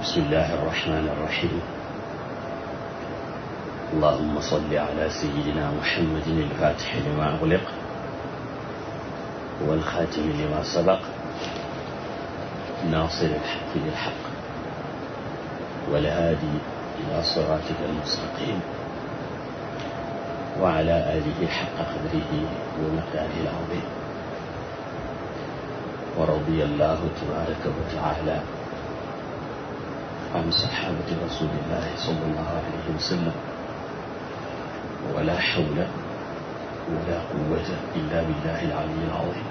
bismillahi irrahmani irrahim allahuma salli ala sayidina muhammadin ilfatixi lima ugliq walxaatimi lima sabaq naasiri ilxaqi bilxaq walhaadi ila siraatika almustaqim wa ala alihi xaqa qadrihi wa maqdaarihi al-aziim wa radiya allahu tabaraka wa taala عن صحابة رسول الله صلى الله عليه وسلم ولا حول ولا قوة إلا بالله العلي العظيم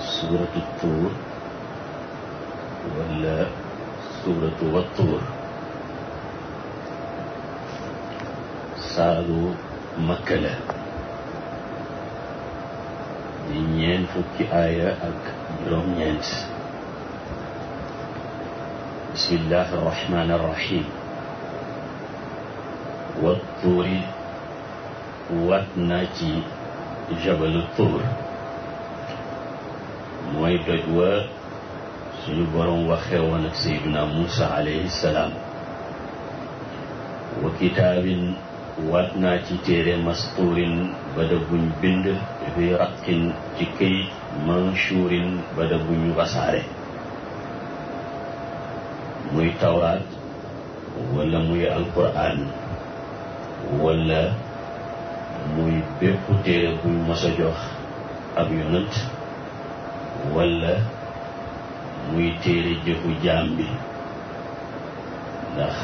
سورة الطور ولا سورة والطور saaru Makka la di ñeent fukki aaya ak juróom-ñeent bismillahi arrahmani arrahim wa tuuri wat naa ci jabalu tuur mooy doj wa suñu boroom waxee woon ak sayduna Muusa alayhi salaam wa kitaabin waat naa ci téere mastuurin bada buñ bind fi raqin ci këyit manchuurin bada buñ wasaare tawraat wala muy alquran wala muy bépp téere buñ mos a jox ab yonant wala muy téere jëfu jaam bi ndax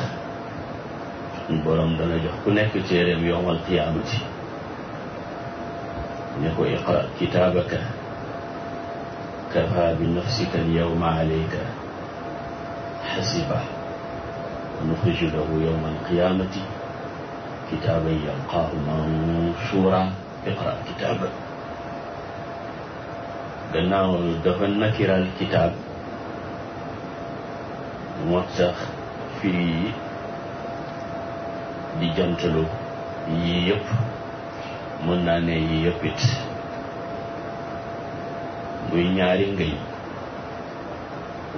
suñ dana jox ku nekk téereem yowmal qiyaamati ne ko iqra kitaabaka kafa bi nafsika al yawma alayka حسيبا ونخرج له يوم القيامة كتابا يلقاه منشورا اقرأ كتابا gannaaw dafa nakiral kitaab moo tax firi yi di jantalu yii yëpp mën naa ne yii yëpp it muy ñaari ngëñ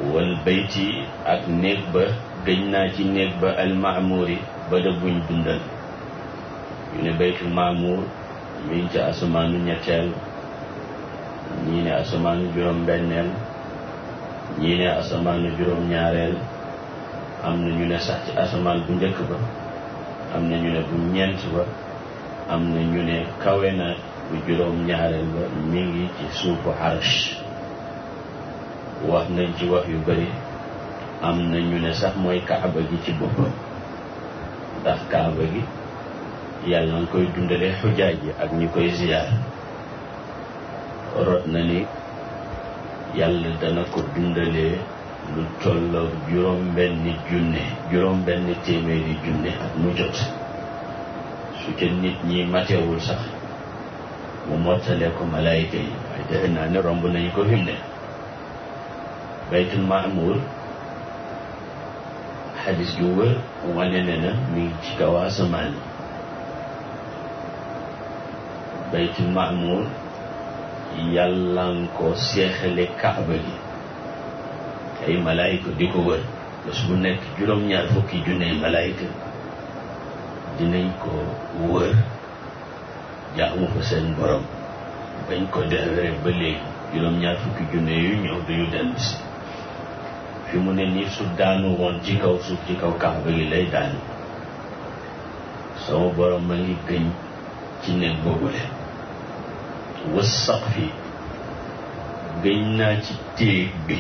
wal bayti ak néeg ba gëñ naa ci néeg ba almaamuur yi bërëb buñ dundal ñu ne baytul maamuur mi ngi ca asamaanu ñetteel ñii ne asamaanu juróom benneel ñii ne asamaanu juróom ñaareel am na ñu ne sax asamaan bu njëkk ba am na ñu ne bu ñeent ba am na ñu ne kawe na juróom ñaareel ba mi ngi ci suufu arsh wax nañ ci wax yu bari am na ñu ne sax mooy kaaba gi ci boppam ndax kaaba gi yàlla nga koy dundale xujaaj yi ak ñi koy ziyaar rot na ni yàlla dana ko dundalee lu tolloog juróom benni junne juróom benni téeméeri junne ak mu jot su ca nit ñi matewul sax mu mottale ko malaayka yi waaye defe naa ne romb nañu ko fi baytul maamur xadis ju wër wane ne na mi ci kaw asamaan baytul maamur yàlla ko seexale kaaba gi ay malaayka di ko wër bés nekk juróom-ñaar fukki junney malaayka dinañ ko wër jaamu fa seen borom bañ ko defee ba léegi juróom-ñaar fukki junne yu ñëw duñu dellu si fi mu ne nii su daanu woon ci kaw suuf ci kaw kàmb gi lay daanu sama borom ma ngi gëñ ci néeg boobule wasaq fi gëñ naa ci téeg bi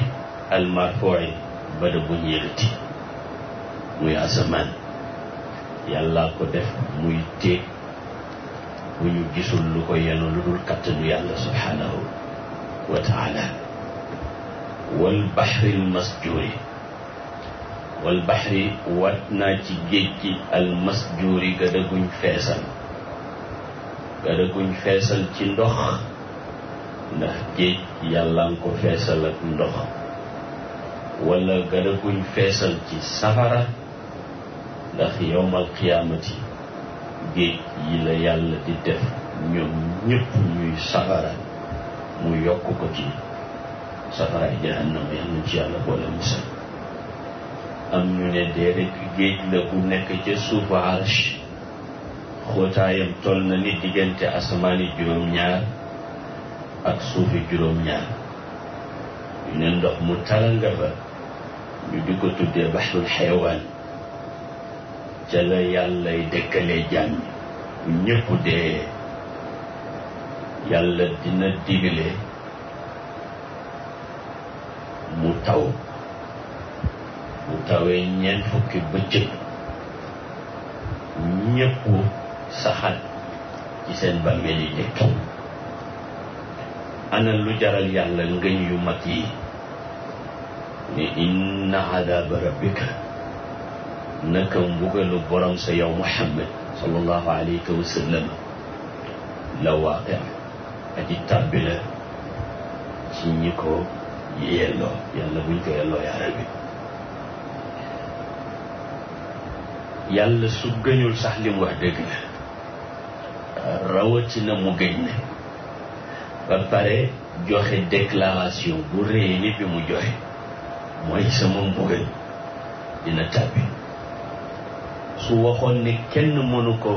almarfoi bada buñ yëkkati muy asamaan yàllaa ko def muy téeg bu ñu gisul lu ko yenu lu dul kattanu yàlla subhaanahu wa taala wal baxri al masjuuri wal wat naa ci géej gi al masjuuri gada guñ feesal gada guñ feesal ci ndox ndax géej yàlla ko feesal ak ndox wala gada guñ feesal ci safara ndax yowmal qiyaamati géej yi la yàlla di def ñoom ñëpp ñuy safara mu yokk ko ci safaraay jahannama yal nañ ci yàlla boole musal am ñu ne dee géej la gu nekk ca suufu arsh xóotaayam toll na ni diggante asamaani juróom-ñaar ak suufi juróom-ñaar ñu ne ndox mu tala nga fa ñu di ko tuddee baxrul ca la yàllay dëkkalee jàmm bu ñëpp dee yàlla dina digle mu taw mu tawee ñeent fukki bëccëg ñëpp saxaat ci seen bàmmeel yi dekki ana lu jaral yàlla ngëñ yu mag yi ni inna adaba rabbika naka mbugalu borom sa yow muhammad sallallahu alayhi wa sallam la waaqe aji tàbbi la ci ñi ko yi yelloo yàlla buñ ko yelloo yaaral bi yàlla su gëñul sax li mu wax dëgg la rawatina mu gëñ ne ba pare joxe déclaration bu rëy ni bi mu joxe mooy sama mbugal dina tàbbi su waxoon ne kenn mënu ko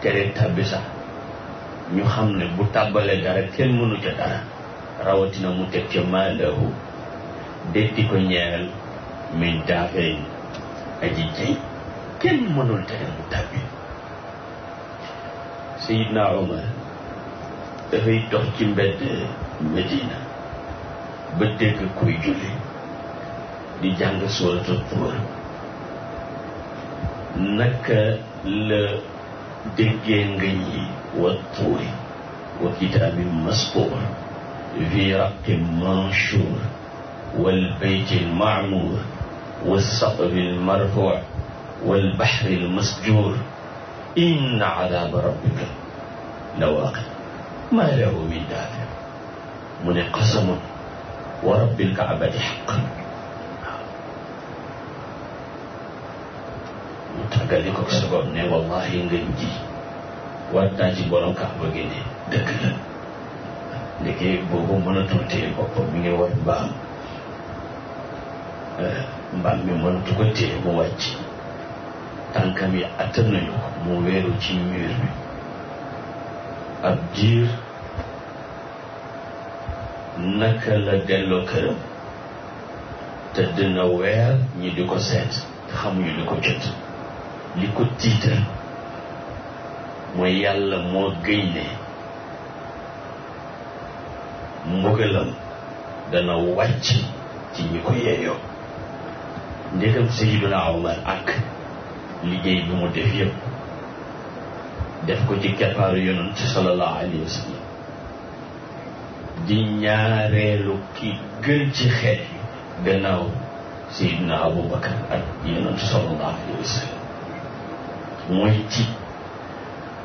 tere tàbbi sax ñu xam ne bu tàbbalee dara kenn mënu ca dara rawatina mu teg ca maalahu detti ko ñeel min daafeeñ aji jëy kenn mënul tere mu tàbbi Seydina Omar dafay dox ci mbedd Medina ba dégg kuy julli di jàng soolata tuur naka la déggee nga ñi wa tuuri wa kitaabin maskuur fi raqin manshur wal bayti al ma'mur wal saqfi al marfu' wal bahri al masjur inna adaba rabbika la waaqi ma lahu min daafi mu ne qasamun wa rabbil kaabati xaqan mu tàggali ko sabab ne wallahi ngeen ji waat naa ci borom kaaba gi ne dëgg la liggéey boobu mënatul téye boppam mi ngi war mbaam eh, mbaam mi mënatu ko téye mu wàcc tànkam yi attan nañu ko mu weeru ci mur bi ab jiir naka la delloo këram te dina weer ñi di ko seet te xamuñu li ko jot li ko tiital mooy yàlla moo gëñ ne mbugalam dana wàcc ci ñi ko yeeyoo ndegam Seydina Omar ak liggéey bi mu def yëpp def ko ci keppaaru yonent sallallahu alayhi wa sallam di ñaareelu ki gën ci xeet yi gannaaw Seydina Aboubacar ak yonent sallallahu alayhi wa sallam mooy ci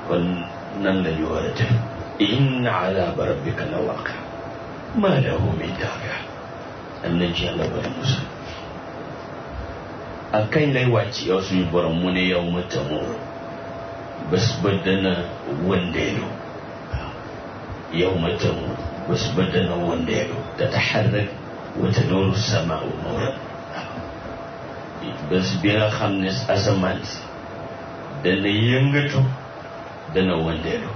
kon nan la ñu war a def inna adaba rabbika ma lahu min daafi am nañ ci yàlla bari musal ak kañ lay wàcc yow suñu borom mu ne yow ma tamuuru bés ba dana wëndeelu waaw ma tamuuru bés ba dana wëndeelu tataxarrak wa taduuru samaau nuuran bés bi nga xam ne asamaan si dana yëngatu dana wëndeelu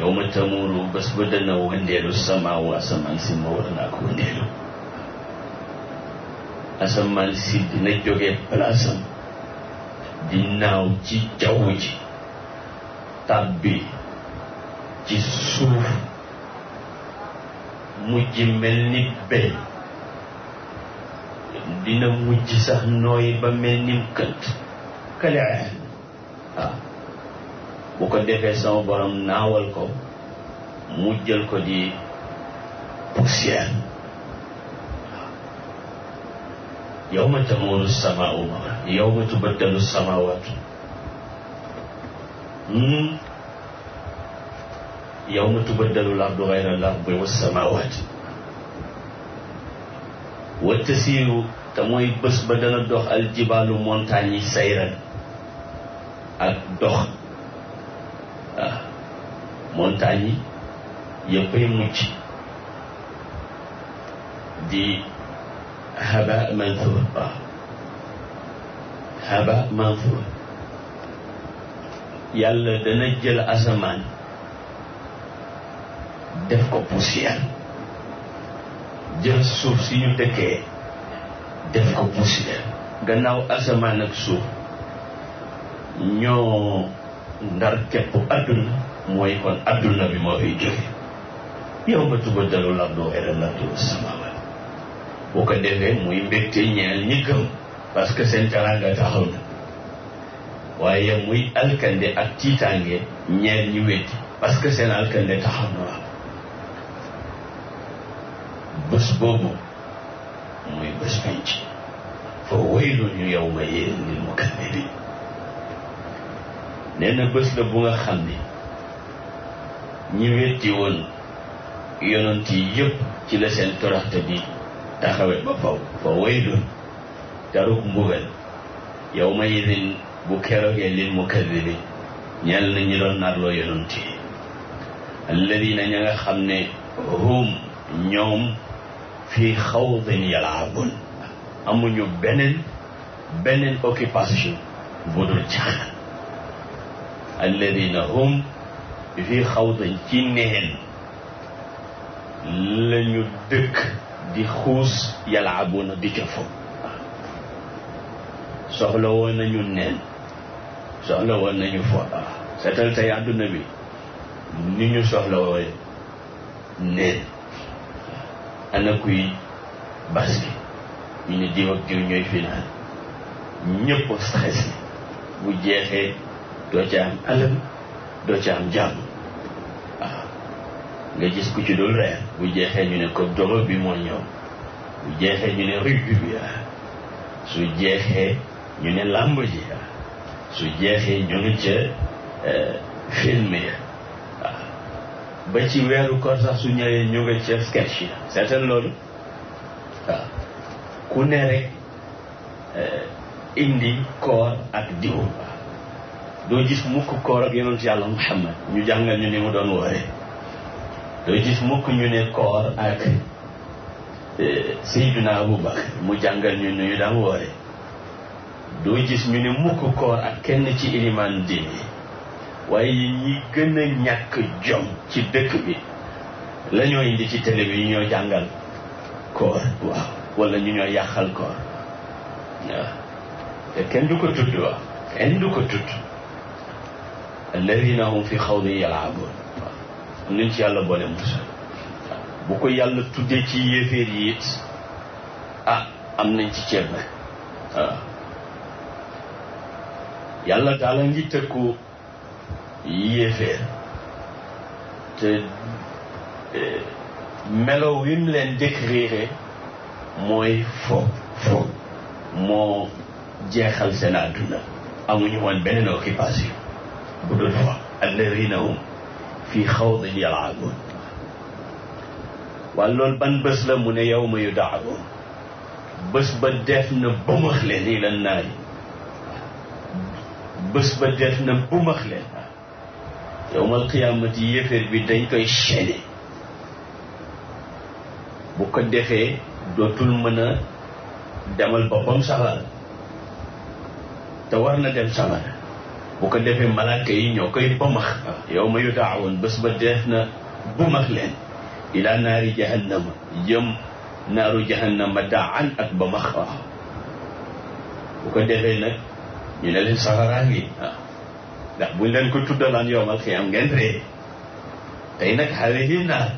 yow ma tamuru bés ba dana wëndeelu samaawu asamaan si ma war naa ko wëndeelu asamaan si dina jógee palaasam di ci jaww ji ci suuf mujj mel ni bey dina mujj sax nooy ba mel ni kënt kale waaw bu ko defee sama borom naawal ko mu jël ko di poussière yow ma tamuuru samaau yow ma tubaddalu samaawaatu hmm? yow ma tubaddalu lardu gayra lardi wa samaawaati wa tasiiru te mooy bés ba dana dox aljibaalu montagne yi sayran ak dox waaw ah, montagne yi yëppay mucc di haba manthura haba manthura yàlla dana jël asamaan def ko poussière jël suuf si ñu dëkkee def ko poussière gannaaw asamaan ak suuf ñoo ndar képp adduna mooy kon adduna bi moo fiy jóge yow ma tubaddalu lardu ghayri lardi wa samaawaat bu ko defee muy mbégte ñeel ñi gëm parce que seen teraanga taxaw na waaye muy alkande ak tiitaange ñeel ñi weddi parce que seen alkande taxaw na waaw bés boobu muy bés penc fa waylun yawma yéen lil mukaddibiin nee na bés la bu nga xam ni ñi wetti woon yonent yi yëpp ci la seen toroxte bi taxawee ba faw fa waylun daruk mbugal yow ma idin bu keroogee lil mukadibin ñeel na ñi doon narloo yonent yi alladina ña nga xam ne hum ñoom fii xawdin yalaabun amuñu beneen beneen occupation bu dul caaxaan alladina hum fii xawdañ ci neen la ñu dëkk di xuus yalaabuna di ca fo nañu neen soxla woon nañu fo seetal tey àdduna bi ni ñu soxla woon neen ana kuy bas bi ak diw ñooy finaan ñëpp stress bu jeexee doo ci am doo ci am jàmm waaw ah. nga ku ci dul reer bu jeexee ñu ne ko doro bi moo ñëw bu jeexee ñu ne ruj bi ah. su jeexee ñu ne làmb ah. su jeexee ñu ngi ca eh, film ya ba ci weeru koor sax su ñëwee ñu nga ca sketch ya seetal loolu ku ne rek eh, indi koor ak diw doo gis mukk koor ak yonent yàlla muhammad ñu jàngal ñu ni mu doon woore doo gis mukk ñu ne koor ak eh, sayduna abubakar mu jàngal ñu ni ñu daan woore doo gis ñu ne mukk koor ak kenn ci ilimaan diin waaye ñi gën a ñàkk jom ci dëkk bi la ñoo indi ci télé bi ñu ñoo jàngal koor waaw wala ñu ñoo yàqal koor waaw te kenn du ko tudd waaw kenn du ko tudd alladina hum fi xawdi yalaabuun waaw nuñ ci yàlla boole mos bu ko yàlla tuddee ci yéeféer yi ah am nañ ci ceeb na waaw yàlla daala ngi tëkku yéeféer te e, melo wi mu leen décrire mooy fo fo moo jeexal seen àdduna amuñu woon beneen occupation bu doon wax alladina hum fii xawdin yalaabuun waaye loolu ban bés la mu ne yawma yudaawoon bés ba def na bumax leen ila naari bés ba def na bumax leen yowmal qiyaamati yéeféer bi dañ koy chaîner bu ko defee dootul mën a demal boppam safara te war na dem safara bu ko defee malaaka yi ñoo koy bëmax yow ma yudaawoon bés ba def na bëmax leen ila naari jahannama jëm naaru jahannama daan ak bëmax bu ko defee nag ñu ne leen safaraa ngi ndax buñ leen ko tuddalaan yowmal xiyaam ngeen ree tey nag haadihi naar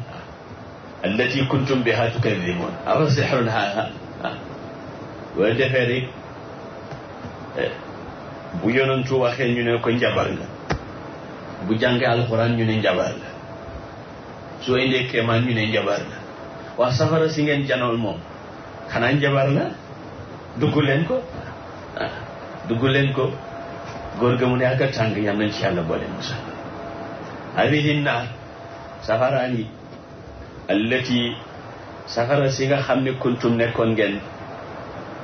allati kuntum biha tukaddibuun awa sihrun haadha boo defee rek eh, bu yonantu waxee ñu ne ko njabar nga bu jàngee alxuraan ñu ne njabar la soo indee kéemaan ñu ne njabar la waa safara si ngeen janool moom xanaa njabar la dugg leen ko ah leen ko góor ga mu ne ak a tàng yam nañ ci yàlla boole musa hadihi naar safaraan yi allati safara si nga xam ne kuntum nekkoon ngeen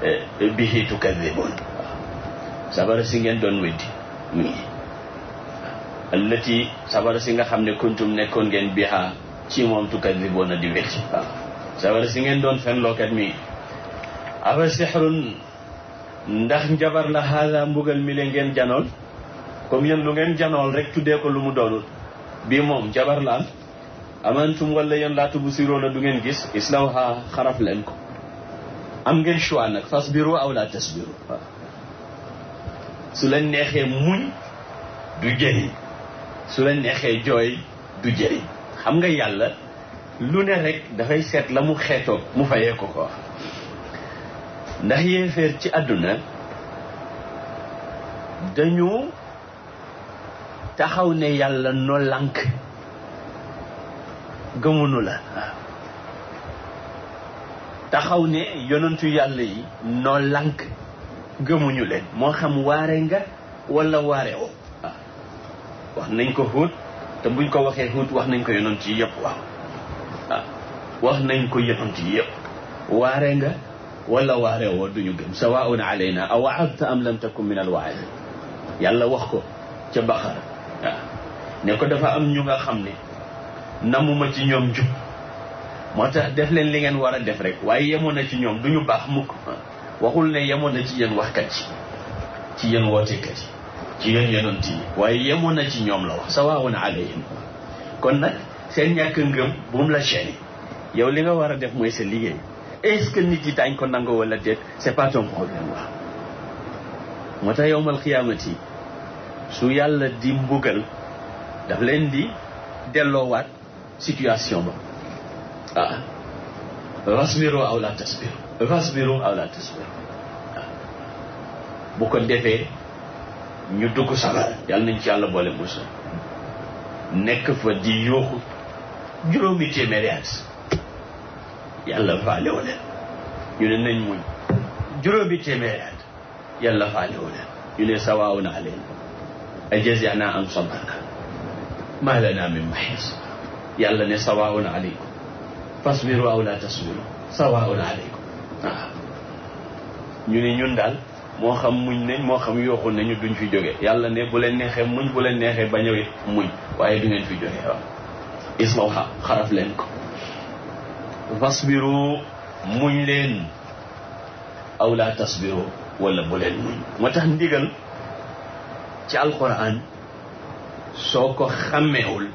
eh, bihi tukadiboon sabara si ngeen doon weddi mi ngi allati sabara si nga xam ne kuntum nekkoon ngeen biha ci moom tukadiboona di weddi waaw sabara si ngeen doon fen lookat mi ngi afa sixrun ndax njabar la haada mbugal mi le ngeen janool comme yéen lu ngeen janool rek tuddee ko lu mu doonul bii moom jabar la am amantum wala yéen laatu bu siroo la du ngeen gis islawha xaraf leen ko am ngeen choix nag fasbiru aw la tasbiru waaw su la neexee muñ du jëriñ su la neexee jooy du jëriñ xam nga yàlla lu ne rek dafay seet la mu xeetoog mu fayee ko ko ndax yéeféer ci àdduna dañu taxaw ne yàlla no lànk gëmunu la taxaw ne yonentu yàlla yi noo lànk gëmuñu leen moo xam waare nga wala waare oo ah. wax nañ ko Huud te buñ ko waxee Huud wax nañ ko yonent ci yépp waaw ah. wax nañ ko yonent ci yëpp waare nga wala waare woo duñu gëm sawaun alayna aw wa'adta am lam takun min al yàlla wax ko ca Baqara waaw ah. ne ko dafa am ñu nga xam ne namuma ci ñoom jub moo tax def leen li ngeen war a def rek waaye yemoon na ci ñoom ñu baax mukk waxul ne yemoon na ci yéen waxkat yi ci yéen wootekat ci yéen yonent yi waaye yemoon na ci ñoom la wax sawaawun alayhim kon nag seen ñàkk ngëm bu mu la chaîne yow li nga war a def mooy sa liggéey est-ce que nit yi daañ ko nango wala déet c'est pas ton problème wax moo tax yowmal xiyaamati su yàlla di mbugal daf leen di delloowaat situation ba ah wasbiru aw la tasbiru fasbiru aw la tasbiru bu ko defee ñu dugg safara yàlla nañ ci yàlla boole musul nekk fa di yooxu juróomi téeméeri at yàlla faale wu leen ñu ne nañ muñ juróomi téeméeri at yàlla faale wu leen ñu ne sawaaw naa leen ajazina am sabarna maa lana min maxiis yàlla ne sawaaun aleykum fasbiru aw la tasbiru sawaaun aleykum ñu ni ñun daal moo xam muñ nañ moo xam yooxu nañu duñ fi jóge yàlla ne bu leen neexee muñ bu leen neexee bañ a muñ waaye du ngeen fi jóge waaw ismawha xaraf leen ko fasbiru muñ leen aw la tasbiru wala bu leen muñ moo tax ndigal ci alquran soo ko xàmmeewul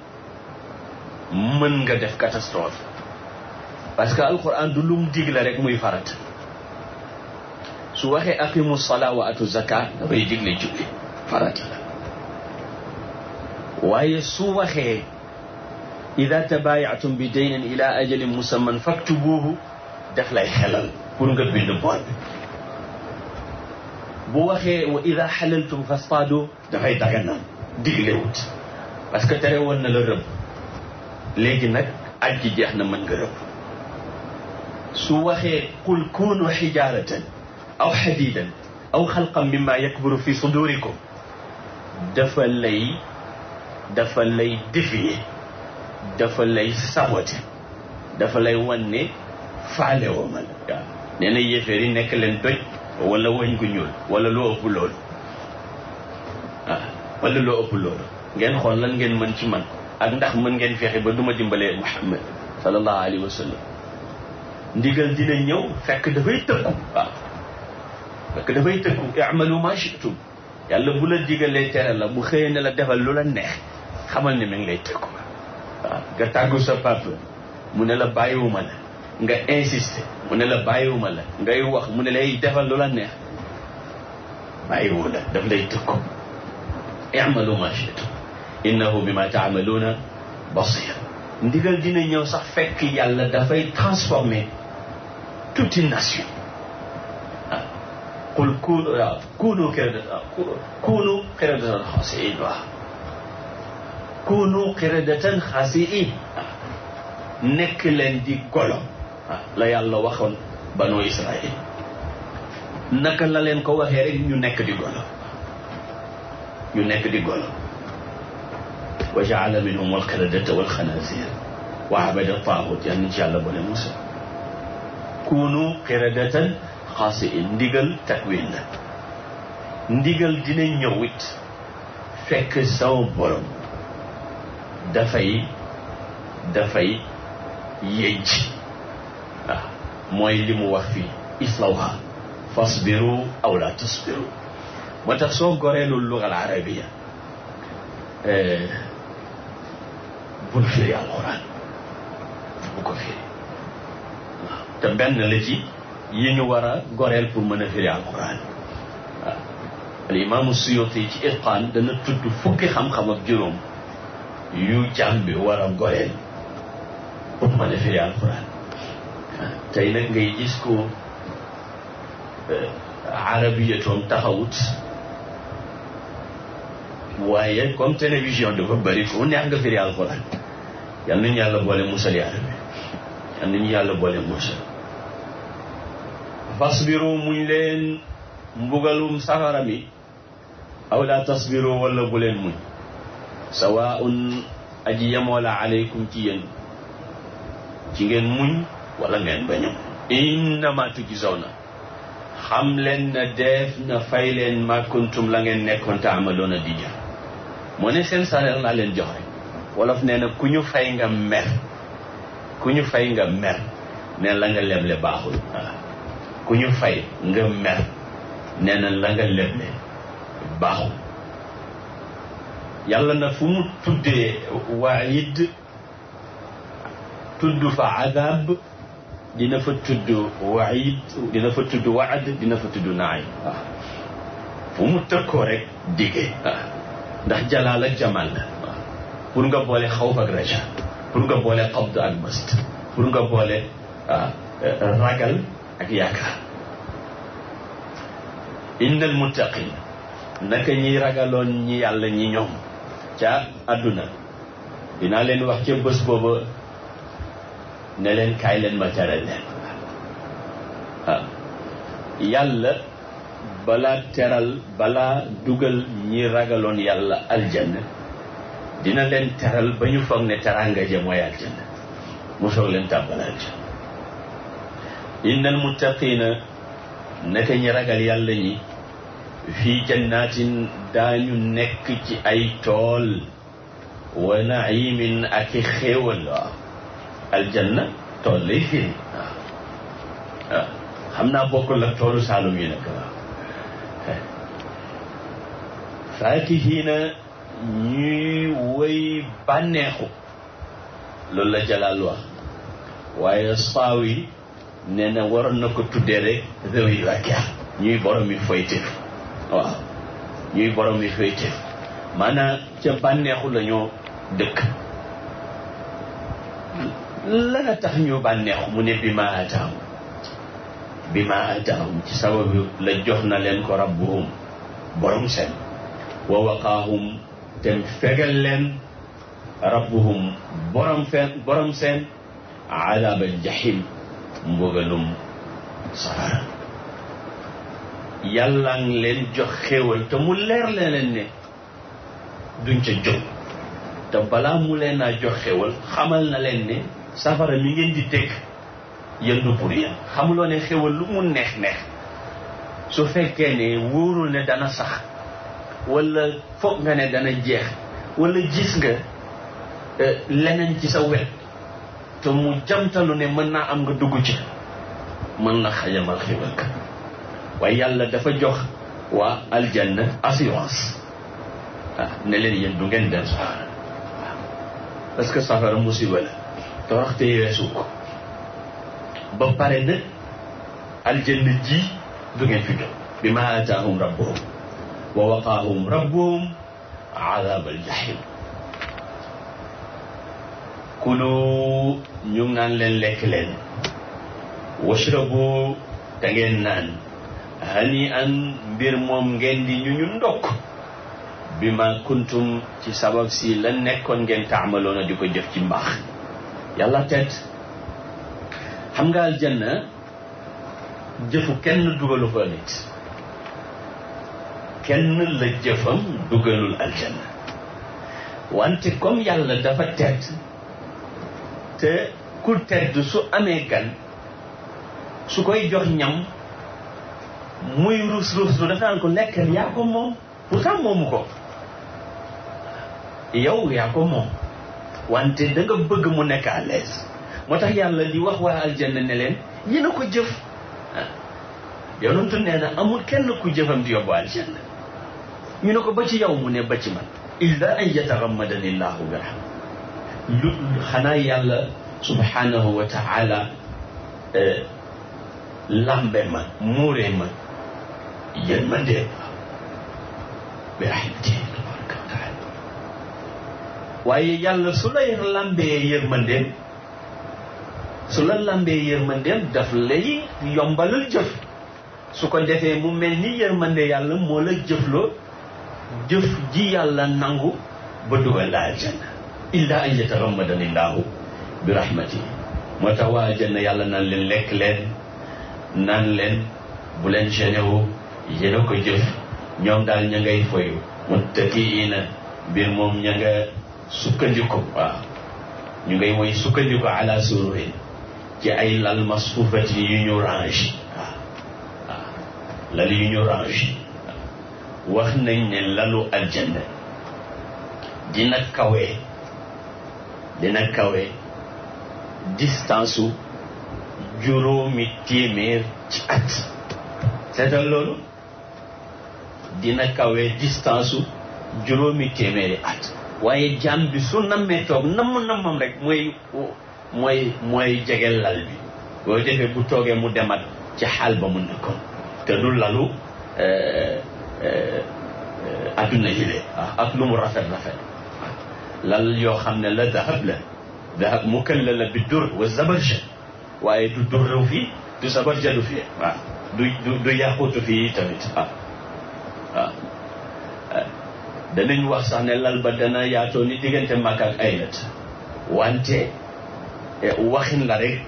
mën nga def catastrophe parce que alquran du lum digle rek muy farat su waxee aqimu salaa wa atu zakat dafay digle julli farata la waaye su waxee ida tabayatum bi daynin ila ajalin musamman faktubuhu daf lay xelal pour nga bind bor bi bu waxee wa ida xalaltum fastaado dafay daganal diglewut parce que tere woon na la rëbb léegi nag aj ji jeex na mën nga rëbb su waxee qul kunu xijaaratan aw xadiidan aw xalqan mimma yakburu fi sudurikum dafa lay dafa lay défier dafa lay sabote dafa lay wan ne faale woo ma la waaw nee na yéeféer yi nekk leen doj wala wëñ gu ñuul wala loo ëpp loolu waaw wala loo ëpp loolu ngeen xool lan ngeen mën ci man ak ndax mën ngeen fexe ba duma dimbalee Muhammad sallallahu alayhi wa sallam ndigal dina ñëw fekk dafay tëkku waaw fekk dafay tëkku i'malu ma shi'tum yàlla bu la digalee tere la mu xëyee ne la defal lu la neex xamal ne mi ngi lay tëkku waaw nga tàggu sa papa mu ne la bàyyiwuma la nga insister mu ne la bàyyiwuma la ngay wax mu ne lay defal lu la neex bàyyiwu la daf lay tëkku i'malu ma shi'tum innahu bima ta'maluna basir ndigal dina ñëw sax fekk yàlla dafay transformer toute une nation ah qul kuunu waaw ah, kuunu qiradatan ah, kuunu qiradatan xaasiin waaw kuunu qiradatan xaasiin ah. nekk leen di golo la yàlla waxoon banu Israël naka la leen ko waxee rek ñu nekk di golo ñu nekk di golo wa jaala minhum alqiradata walxanazir wa abada taahut yal nañ ci yàlla boole Musa kunu qiradatan xaasiin ndigal takwin la ndigal dina ñëwit fekk sama borom dafay yejj waaw ah, mooy li mu wax fii islawha fasbiru aw la tasbiru moo tax soo goreelul lugal arabiya eh, bul firi alquran bu te benn la ci yi ñu war a goreel pour mën a firi alquran waaw al imaamu suyuti ci itqaan dana tudd fukki xam-xam ak juróom yu jàmm bi war a goreel pour mën a firi alquran tey nag ngay gis ko eh, arabiyatoom taxawut waaye comme télévision dafa bëri fu neex nga firi alquran yal nañu yàlla boole musal arabi yal nañu yàlla boole musal fasbiru muñ leen mbugalum safara mi aw la tasbiru wala bu leen muñ sawaun aji yemoo la aleykum ci yéen ci ngeen muñ walla ngeen bañu innama tujzawna xam leen na def na fay leen ma la ngeen nekkoon te amaloona di jëf moo ne seen salaire laa leen joxe wolof nee na ku ñu fay nga mer ku ñu fay nga mer ne la nga leble baaxul ku ñu fay nga mer nee na la nga leble baaxul yàlla na fu mu tuddee waid tudd fa adab dina fa tudd waid dina fa dina fa tudd naay fu mu tëkkoo rek diggee ndax jalaal ak jamal la pour nga boole xawf ak raja pour boole qabd ak bast pour nga boole ah, ragal ak yaakaar innal muttaqin naka ñiy ragaloon ñi yàlla ñi ñoom ca àdduna dinaa leen wax ca bés boobu ne leen kaay leen ma tere leen yàlla balaa teral balaa dugal ñi ragaloon yàlla aljanna dina leen teral ba ñu foog ne teraanga ja mooy aljanna mu soog leen tàmbal aljanna innal muttaqiina naka ñi ragal yàlla ñi fii jannaatin daañu nekk ci ay tool wa naimin ak i xéewal waaw aljanna tool lay firi waaw ah, xam naa bokkul la toolu saalum yi nag waaw faakihiina ñuy woy bànneexu loolu la jalaal wax waaye saaw yi nee na na ko tuddee rek ñuy borom yi waaw ñuy borom yi foyteef ca bànneexu la ñoo dëkk lana tax ñu bànneexu mu ne bi ma ataahum bi ma ataahum ci sababu la jox na leen ko rabbuhum borom seen wa waqaahum te fegal leen rabbuhum borom feen borom seen azaabal jahim mbugalum safara yàlla ngi leen jox xéewal te mu leer leen ne duñ ca jóg te balaa mu leen naa jox xéewal xamal na leen ne safara mi ngeen di dégg yéen pour yéen xamuloo ne xéewal lu mu neex neex su fekkee ne wóorul ne dana sax wala foog nga ne dana jeex walla gis nga eh, leneen ci sa wet te mu jamtalu ne mën naa am nga dugg ci mën na xajamal xibalka waaye yàlla dafa jox wa aljanna assurance ah ne leen yéen du ngeen dem safara parce que safara musiba la toroxte yeesu ba pare na aljanna ji du ngeen bi ma ataahum rabbuhum wa waqaahum rabbuhum azaabal jahim kulu ñu ngi naan leen lekk leen washrabu te ngeen naan hani an mbir moom ngeen di ñu ñu ndokk bi ma kuntum ci sabab si la nekkoon ngeen taamaloona di ko jëf ci mbaax yàlla teet xam nga aljanna jëfu kenn dugalu fa nit kenn la jëfam dugalul aljanna wante comme yàlla dafa teet te ku tedd su amee gan su koy jox ñam muy ruus ruus lu dafa naan ko lekkal yaa ko moom pourtant moomu ko yow yaa ko moom wante da bëgg mu nekk à moo tax yàlla di wax waa aljanna ne leen yéen a ko jëf yonent nee na amul kenn ku jëfam di yóbbu aljanna ñu ne ko ba ci yow mu ne ba ci man illa an yataxammadani llahu bi rahma lu xanaa yàlla subhanahu wa taala e, lambe ma muure ma yéen ma ndee bi rahmatihi tabaraka wa taala waaye yàlla sula lay lambee yërmandeem su la lambee yërmandeem daf lay yombalal jëf su ko defee mu mel ni yërmande yàlla moo la jëfloo jëf ji yàlla nangu ba dugal la aljanna illa an yataghammadani llahu bi rahmati moo tax waa jënn yàlla naan leen lekk leen naan leen bu leen généwu yéena ko jëf ñoom daal ña ngay foyu muttakiina mbir moom ña nga sukkandiku waaw ñu ngay woy sukkandiku ala sururin ci ay lal masfufati yu ñu range waaw waaw lal yu ñu range wax nañ ne lalu aljanna dina kawee dina kawe distance su juróomi téeméer ci at seetal loolu dina kawe distance su juróomi téeméeri at waaye jaam bi su nammee toog namm nammam rek mooy mooy mooy lal bi boo defee bu toogee mu demat ci xaal ba mu nekkoon te du lalu eh, eh, eh, adduna yi ak lu mu rafet rafet lal yoo xam ne la dahab la dahab mu kël la la bi dur wa zabarja waaye du durru fi du zabarjadu fii waaw du du du yàqutu fii danañ wax sax ne lal ba dana yaatoo ni diggante Makka wante eh, waxin la rek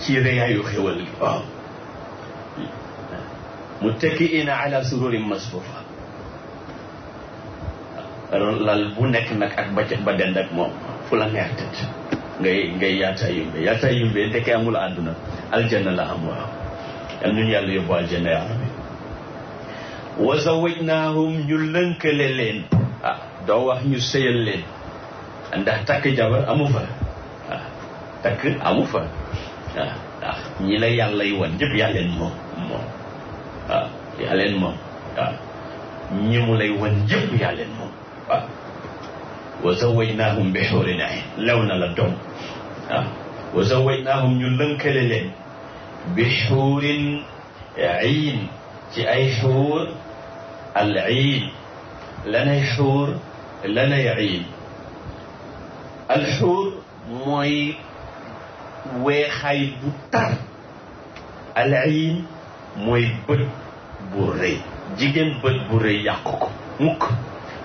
ci réyaayu xéwal gi waaw ina ala sururi masfufa lal bu nekk nag ak ba ba dend ak moom fu la neex tëdd ngay ngay yaata yumbe yaata yumbe ndeke amul àdduna aljanna la am waaw yal nañu yàlla yóbbu aljanna ya rabbi wa zawajnaahum ñu lënkale leen ah doo wax ñu sëyal leen ndax takk jabar amu fa ah takk amu fa ah ndax la yàlla yi wan yëpp yaa leen moom moom waaw ah, moom waaw ah, ñi mu lay wan yëpp yaa moom waaw wa zawajnaahum bi xuurin ayn lew na la doom waaw wa zawajnaahum ñu lënkale leen bi xuurin ayn ci ay xuur al ayn lanay xuur lanay ayn al xuur mooy weexaay bu tar al ayn mooy bët bu rëy jigéen bët bu rëy yàqu ko mukk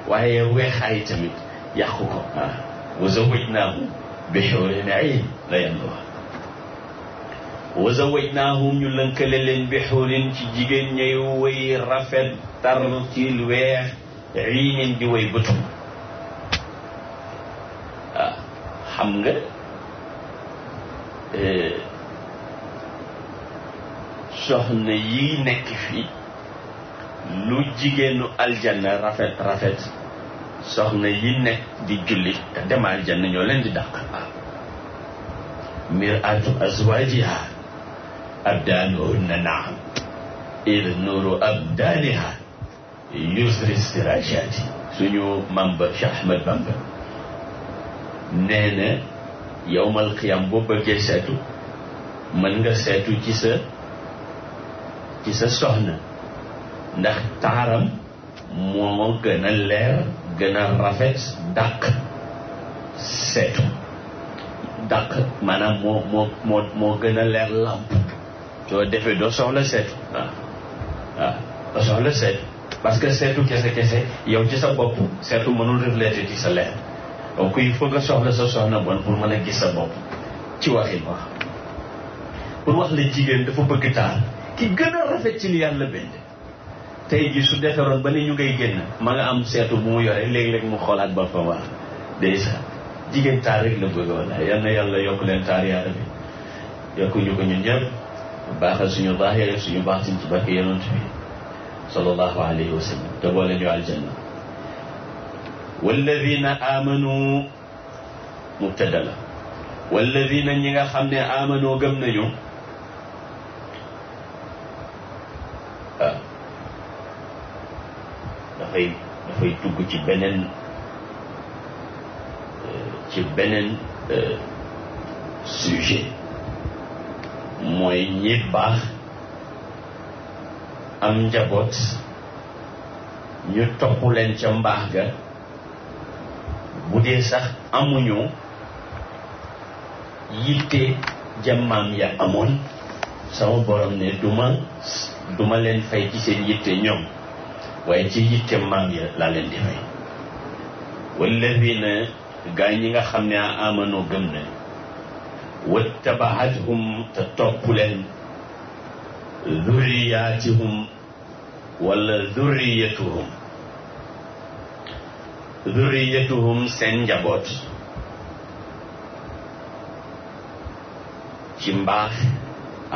waaye weexaay tamit yàqu ko ah wa zawajnaahum bi xuurin ayn la yàlla wax wa zawajnaahum ñu lënkale leen bi xuurin ci jigéen ñay way rafet tar ci weex riinin di way bëtu ah xam nga eh, soxna yi nekk fii lu jigéenu aljanna rafet rafet soxna yi nekk di julli te dem aljanna ñoo leen di dàq mir'atu azwajiha abdaanuhunna naam id nuuru abdaaniha yusri stirajati suñu mamba Cheikh Ahmed Bamba nee na yowmal qiyam bëggee seetu mën nga seetu ci sa ci sa soxna ndax taaram moo gën a leer gën a rafet dàq seetu dàq maanaam moo moo moo gën a leer làmp soo defee doo soxla seetu waaw waaw doo soxla seetu parce que seetu kese kese yow ci sa bopp seetu mënul refléter ci sa leer donc il foo que soxla sa soxna bon pour mën a gis sa bopp ci waxin wax pour wax la jigéen dafa bëgg taar ki gën a rafet ci li yàlla bind tey ji su defaroon ba ni ñu ngay génn ma nga am seetu bu mu yore léeg-léeg mu xoolaat boppam wax ndeysaan jigéen taar rek la bëgg wala yal na yàlla yokk leen taar yaara bi yokkuñu ko ñun ñëpp baaxal suñu baax yare suñu baax suñ ci barke yonent bi sallallahu alayhi wa sallam te boole ñu aljanna walladina amanu mubtada la walladina ñi nga xam ne amanu gëm nañu dafay dafay dugg ci beneen euh, ci beneen euh, sujet mooy ñi baax am njaboot ñu topp ca mbaax ga bu dee sax amuñu yitte jamaam ya amoon sama borom ne duma duma leen fay ci seen yitte ñoom waaye ci yitteem maam ya laa leen di fay walladina gaa ñi nga xam ne amano gëm na wattabaathum te topp leen zurriyaatihum wala zurriyatuhum seen njaboot ci mbaax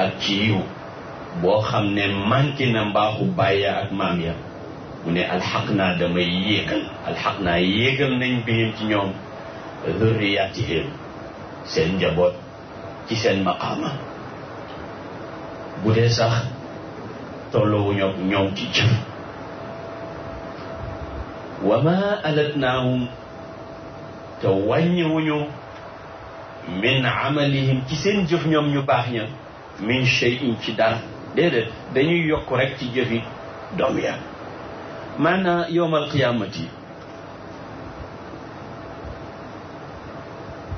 ak ci yiw boo xam ne manqué na mbaaxu bàyya ak maam ya mu ne alxaq naa damay yéegal alxaq naa yéegal nañ bihim ci ñoom hurriyatihim seen njaboot ci seen maqaama bu dee sax tolloowuñu ak ñoom ci jëf wa ma alatnaahum te wàññiwuñu min amalihim ci seen jëf ñoom ñu baax ña min shay'in ci dara déedéet dañuy yokk rek ci jëfi doom ya maanaa yowmal qiyaamati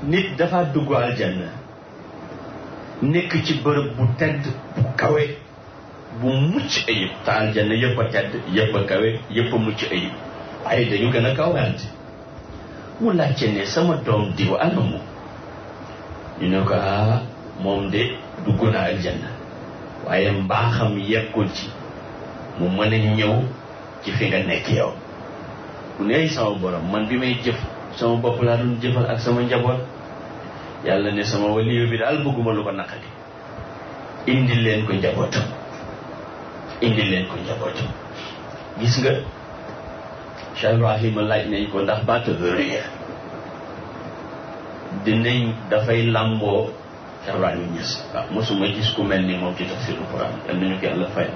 nit dafa dugg aljanna nekk ci bërëb bu tedd bu kawe bu mucc ayib te aljanna yëpp a tedd yëpp a kawe yëpp a mucc ayib waaye dañu gën a kawante mu laajte ne sama doom diw anamu ñu ne ko ah moom de dugg na aljanna waaye mbaaxam yekkul ci mu mën a ñëw ci fi nga nekk yow mu ne sama borom man bi may jëf sama bopp laa doon jëfal ak sama njaboot yàlla ne sama waliyu bi daal bëgguma lu ko naqari indi leen ko njabootam indi gis nga Cheikh ma laaj nañ ko ndax baatu zurriya dinañ dafay làmboo Cheikh Ibrahima Niass waaw ah, mosuma gis ku mel ni moom ci tafsiru Quran yal nañu ko yàlla fay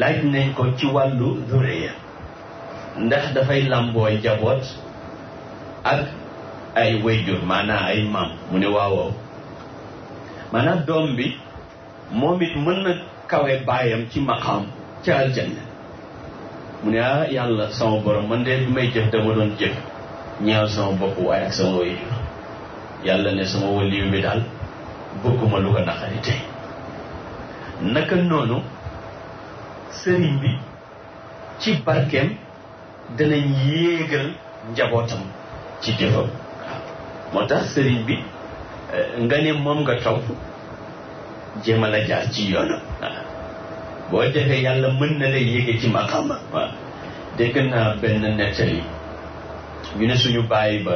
laaj nañ ko ci wàllu zuriya ndax dafay làmboo jaboot ak ay wayjur maanaam ay maam mu ne waawoo maanaam doom bi moom it mën na kawe baayam ci maqaam ca aljanna mu ne ah yàlla sama borom man de bi may jëf dama doon jëf ñaar sama bopp waaye ak sama wayjur yàlla ne sama waliyu bi daal bëgguma lu ko naqari tey naka noonu sëriñ bi ci barkeem danañ yéegal njabootam ci jëfam moo tax sëriñ bi eh, nga ne moom nga topp jéemal a jaar ci yoonam boo defee yàlla mën na la yéege ci maqaama waaw dégg naa benn nettali ñu ne suñu baay ba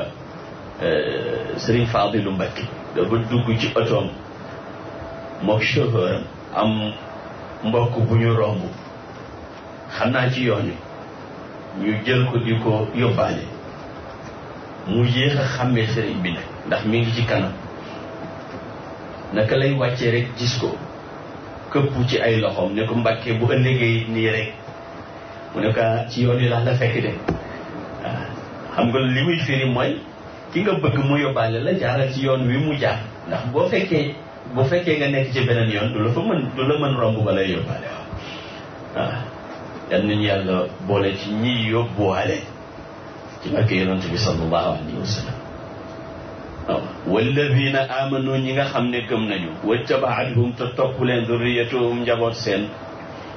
eh, sëriñ Faadilu Mbàkke dafa dugg ci otoom moo chauffeuram am mbokk bu ñu romb xam naa ci yoon wi ñu jël ko di ko yóbbaale mu yéex a xàmmee sëriñ bi nag ndax mi ngi ci kanam naka lay wàcce rek gis ko këpp ci ay loxoom ne ko mbàkkee bu ëllëgee nii rek mu ne ah, ci yoon yi laa la fekk de waaw ah, xam nga li muy firi mooy ki nga bëgg mu yóbbaale la jaaral ci yoon wi mu jaar ndax boo fekkee bu fekkee nga nekk ci beneen yoon du la fa mën du la mën romb ba lay yóbbaale waaw ah. yal nañu boole ci ñiy yóbbuwaale ci barke yonent bi sallallahu alayhi wa sallam waaw walladina amanu ñi nga xam ne gëm nañu wattabaatuhum te topp leen durriyatuhum njaboot seen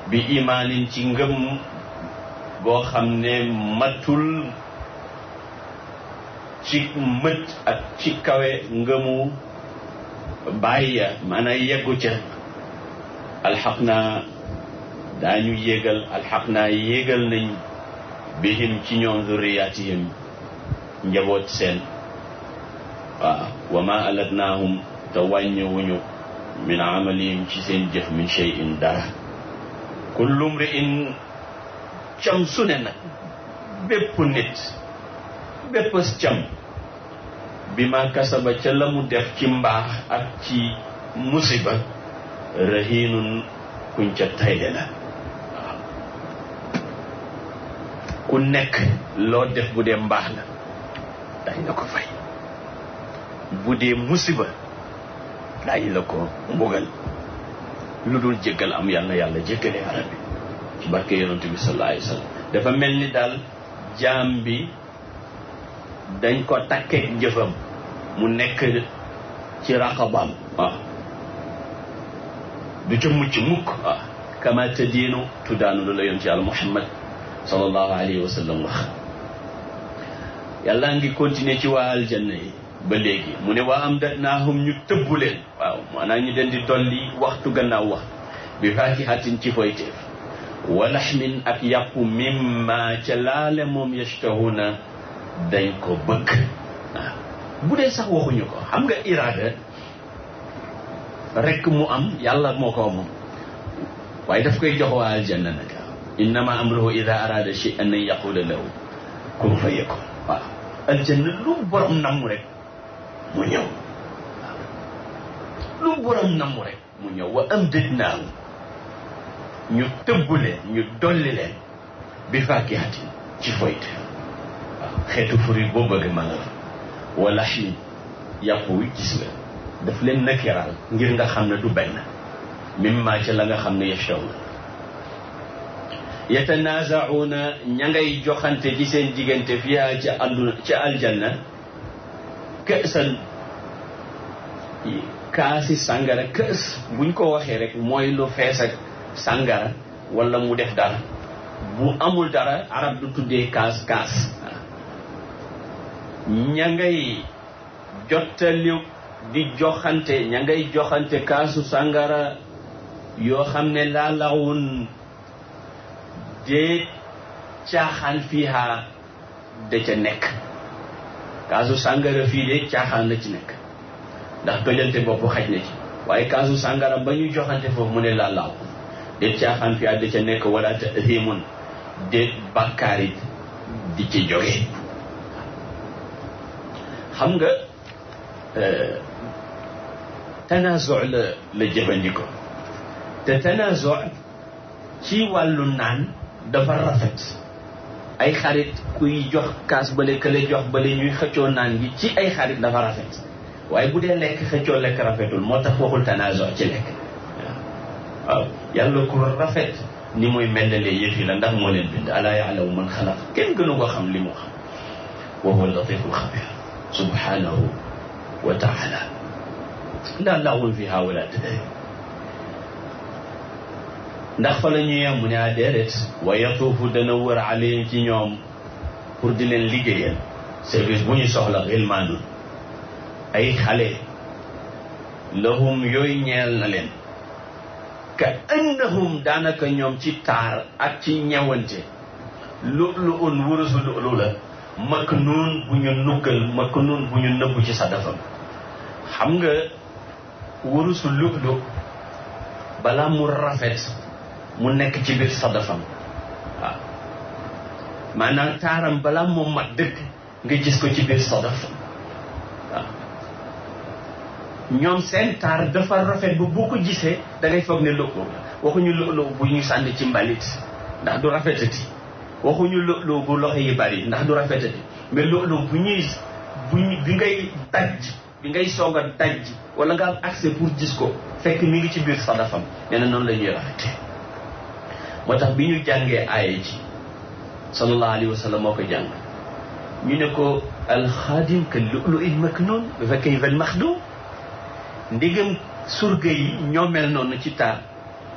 bi imaanin ci ngëm boo xam ne matul ci mët ak ci kawe ngëmu bàyya maanaam yeggu ca alxaq naa daañu yéegal alxaq naa yéegal nañ bihim ci ñoom zurriyaatihim njaboot seen waaw ma alatnaahum te wàññewuñu min amalihim ci seen jëf min cheyin dara kullu mri'in cam su ne nag bépp nit cam bi ma kasaba ca la def ci mbaax ak ci musiba rahiinun kuñ ca tayle ku nekk loo def bu dee mbaax la dañ la ko fay bu dee musiba dañ la ko mbugal lu dul jéggal am yàlla yàlla jéggale arab bi ci barke yonent bi sallallahu alayhi wa dafa mel ni daal jaam bi dañ ko takkeeg njëfam mu nekk ci raqabam waaw ah. du ca mucc mukk waaw ah. kama tadiinu lu la yoon ci yàlla sallallahu alayhi wa wax yàlla ngi continuer ci waa aljanna yi ba léegi mu ne waa am da naahum ñu tëbbu leen waaw maanaam ñu den di dolli waxtu gannaaw wax bi faakihatin ci foyteef walaxmin ak yàpp mimma ca laale moom yashtahuna dañ ko bëgg waaw bu xam nga iraada rek mu am yàlla moo ko moom daf koy jox waa aljanna nag innama amruhu ida arada shay'an an yaqula lahu kun fayakun waaw aljanna lu borom namm rek mu ñëw lu borom namm wa amdadnaahu ñu tëbb leen ñu dolli bi fakihatin ci foyte waaw xeetu fruit boo wala xin yàpp wi gis daf leen nakiraal ngir nga xam ne du benn mimma ca la nga xam ne yëf yatanaazauna ña ngay joxante ci seen diggante fiyaa ca àdduna ca kaasi sàngara kës buñ ko waxee rek mooy lu fees ak sàngara wala mu def dara bu amul dara arab du tuddee kaas kaas ña ngay jottali di joxante ña ngay joxante kaasu sàngara yoo xam ne laalawun déet caaxaan fii haa ca nekk kaasu sàngara fii de caaxaan na ci nekk ndax gëjante waaye kaasu sàngara ba ñu joxante foofu mu ne laa laaw déet caaxaan fii haa da ca nekk wala te riimun déet bàkkaar it di ci jóge xam nga euh, tanaazoo la la jëfandikoo te tanaazoo ci wàllu dafa rafet ay xarit kuy jox kaas bale kële jox bale ñuy xëccoo naan gi ci ay xarit dafa rafet waaye bu dee lek xëccoo lekk rafetul moo tax waxul tanazo ci lekk waaw yàlla ku rafet ni muy mellalee yëf yi la ndax moo leen bind alaa yaalamu man xalaq kenn gënu ko xam li mu xam wa huwa latiful xabir subhanahu wa taala laa lawun fiha wala tadrib ndax fa la ñuy yem mu ne a ah, déedéet wa yatuufu dana wër alayhim ci ñoom pour di leen liggéeyal service bu ñu soxla xilmaanun ay xale lahum yooyu ñeel na leen ka annahum daanaka ñoom ci taar ak ci ñewante lulu un wurusu lulu la maknuun bu ñu nukkal maknuun bu ñu nëbbu ci sadafam xam nga wurusu lulu balaa mu rafet mu nekk ci biir sadafam waaw maanaam taaram balaa moom mat dëkk nga gis ko ci biir sadafam waaw ñoom seen taar dafa rafet bu boo ko gisee da ngay foog ne lëkkoo waxuñu lëkkoo bu ñu sànni ci mbalit ndax du rafetati waxuñu lëkkoo bu loxo yi bari ndax du rafetati mais lëkkoo bu ñuy bu ñu bi ngay daj bi ngay soog a daj nga am pour gis ko fekk mi ngi ci biir sadafam nee na noonu la rafetee moo tax bi ñu jàngee aaya ji sallallahu alayhi wa moo ko jàng ñu ne ko alxaadim ka lu'lu il maknun dafa kay vel maxdum ndigam surga yi ñoo mel noonu ci taar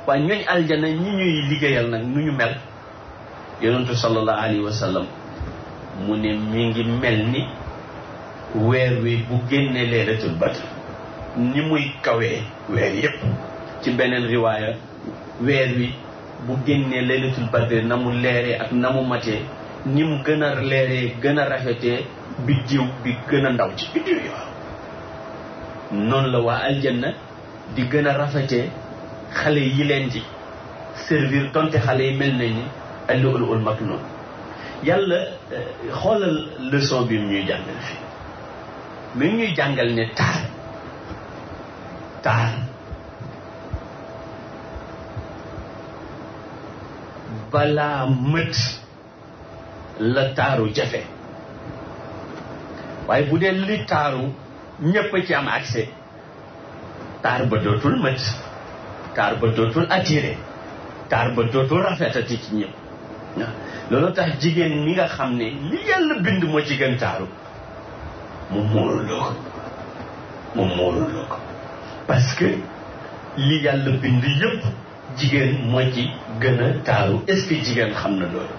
waaye ñooñ aljana ñi ñuy liggéeyal nag nu ñu mel yonentu sallallahu alayhi wa sallam mu ne mi ngi mel ni weer wi bu génnee leelatul bat ni muy kawee weer yépp ci beneen riwaaya weer wi bu génnee laylatul badr na mu leeree ak na mu matee ni gën a leeree gën a rafetee biddiw bi gën a ndaw ci biddiw yi noonu la waa aljanna di gën a rafetee xale yi leen di servir tonte xale yi mel nañu al-lu'lu'ul maknun yàlla euh, xoolal leçon bi mu ñuy jàngal fii mu jàngal ne taar taar balaa mët la taaru jafe waaye bu dee li taaru ñépp ci am accès taar ba dootul mët taar ba dootul attiré taar ba dootul rafetati ci ñëpp loolu tax jigéen mi nga xam ne li yàlla bind moo ci taaru mu muuruloo ko mu muuruloo ko parce que li yàlla bind yëpp jigéen moo ci gën a taaru est jigéen xam na loolu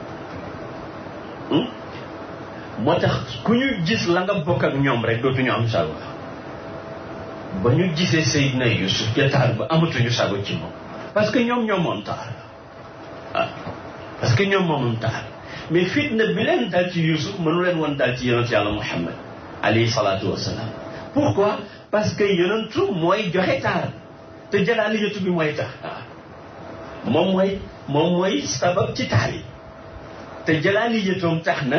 hmm? moo tax ku ñu gis la nga bokk ak ñoom rek dootuñu am sago ba ñu gisee Seydina Yusuf ja taar ba amatuñu sago ci moom parce que ñoom ñoo moom taar ah. parce que ñoom moom taar mais fitna bi leen dal ci Yusuf mënu leen woon dal ci yonent yàlla Muhammad alayhi salaatu wasalaam pourquoi parce que yonentu mooy joxe taar te jalaali yëtu bi mooy tax moom mooy moom mooy sabab ci taal yi te jalaali yëtoom tax na